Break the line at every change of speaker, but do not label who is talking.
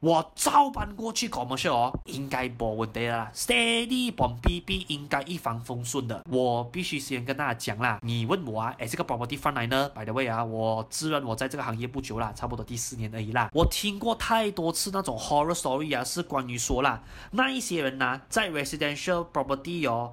我照搬過去咁少哦，應該冇問題的啦。steady bom pi pi 應該一帆風順的。我必須先跟大家講啦，你問我誒、啊，這個 property 翻嚟呢？by the way 啊，我自認我在這個行業不久啦，差不多第四年而已啦，我聽過太多次那種 horror story 啊，是關於說啦那一些人呢、啊，在 residential property 哦。